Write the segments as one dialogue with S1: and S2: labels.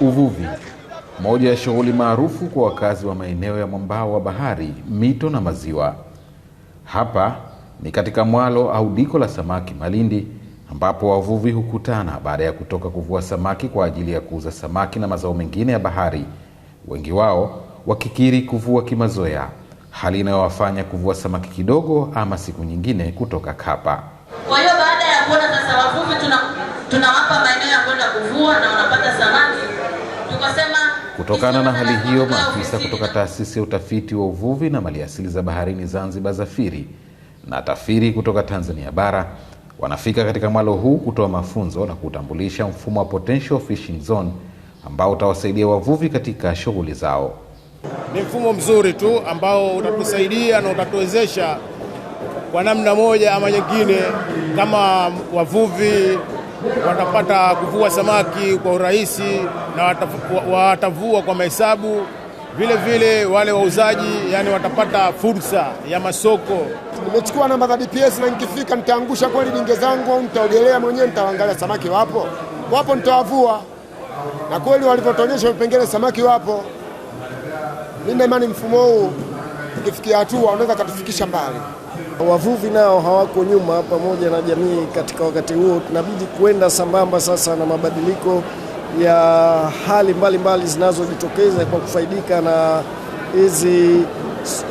S1: Uvuvi, moja ya shughuli maarufu kwa wakazi wa maeneo ya mwambao wa bahari, mito na maziwa. Hapa ni katika mwalo au diko la samaki Malindi ambapo wavuvi hukutana baada ya kutoka kuvua samaki kwa ajili ya kuuza samaki na mazao mengine ya bahari, wengi wao wakikiri kuvua kimazoea, hali inayowafanya kuvua samaki kidogo ama siku nyingine kutoka kapa.
S2: Kwa hiyo baada ya kuona sasa wavuvi tuna tunawapa maeneo ya kwenda kuvua na wanapata samaki. Tukasema
S1: kutokana na hali hiyo, maafisa kutoka taasisi ya utafiti wa uvuvi na maliasili za baharini Zanzibar ZAFIRI na TAFIRI kutoka Tanzania bara wanafika katika mwalo huu kutoa mafunzo na kutambulisha mfumo wa potential fishing zone ambao utawasaidia wavuvi katika shughuli zao.
S3: Ni mfumo mzuri tu ambao utatusaidia na utatuwezesha kwa namna moja ama nyingine, kama wavuvi watapata kuvua samaki kwa urahisi na watavua kwa mahesabu. Vile vile wale wauzaji yani watapata fursa ya masoko.
S4: Nimechukua namba za DPS na nikifika nitaangusha kweli dinge zangu au nitaogelea mwenyewe, nitaangalia samaki wapo wapo, nitawavua na kweli walivyotuonyesha vipengele samaki wapo. Nina imani mfumo huu ikifikia hatua unaweza katufikisha mbali.
S5: Wavuvi nao hawako nyuma, pamoja na jamii katika wakati huo. Tunabidi kuenda sambamba sasa na mabadiliko ya hali mbalimbali zinazojitokeza kwa kufaidika na hizi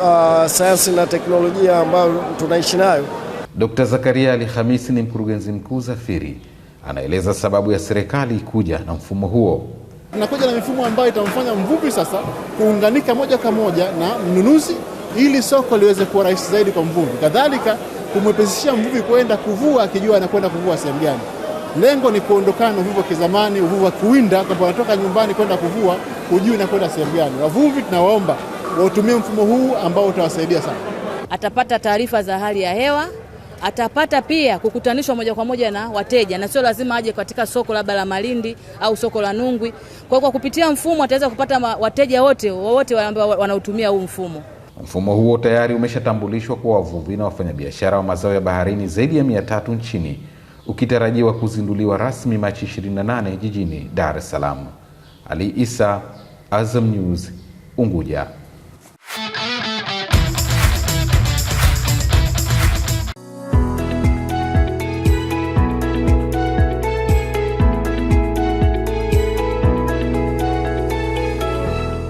S5: uh, sayansi na teknolojia ambayo tunaishi nayo.
S1: Dkt. Zakaria Ali Hamisi ni mkurugenzi mkuu ZAFIRI, anaeleza sababu ya serikali kuja na mfumo huo.
S6: Tunakuja na mifumo ambayo itamfanya mvuvi sasa kuunganika moja kwa moja na mnunuzi ili soko liweze kuwa rahisi zaidi kwa mvuvi, kadhalika kumwepesishia mvuvi kwenda kuvua akijua anakwenda kuvua sehemu gani. Lengo ni kuondokana na uvuvi wa kizamani, uvuvi wa kuwinda, kwamba wanatoka nyumbani kwenda kuvua, hujui nakwenda sehemu gani. Wavuvi tunawaomba wautumie mfumo huu ambao utawasaidia sana.
S7: Atapata taarifa za hali ya hewa, atapata pia kukutanishwa moja kwa moja na wateja, na sio lazima aje katika soko labda la Malindi au soko la Nungwi. Kwa kwa kupitia mfumo ataweza kupata wateja wote wowote wanaotumia huu mfumo.
S1: Mfumo huo tayari umeshatambulishwa kwa wavuvi na wafanyabiashara wa mazao ya baharini zaidi ya mia tatu nchini ukitarajiwa kuzinduliwa rasmi Machi 28 jijini Dar es Salaam. Ali Isa, Azam News, Unguja.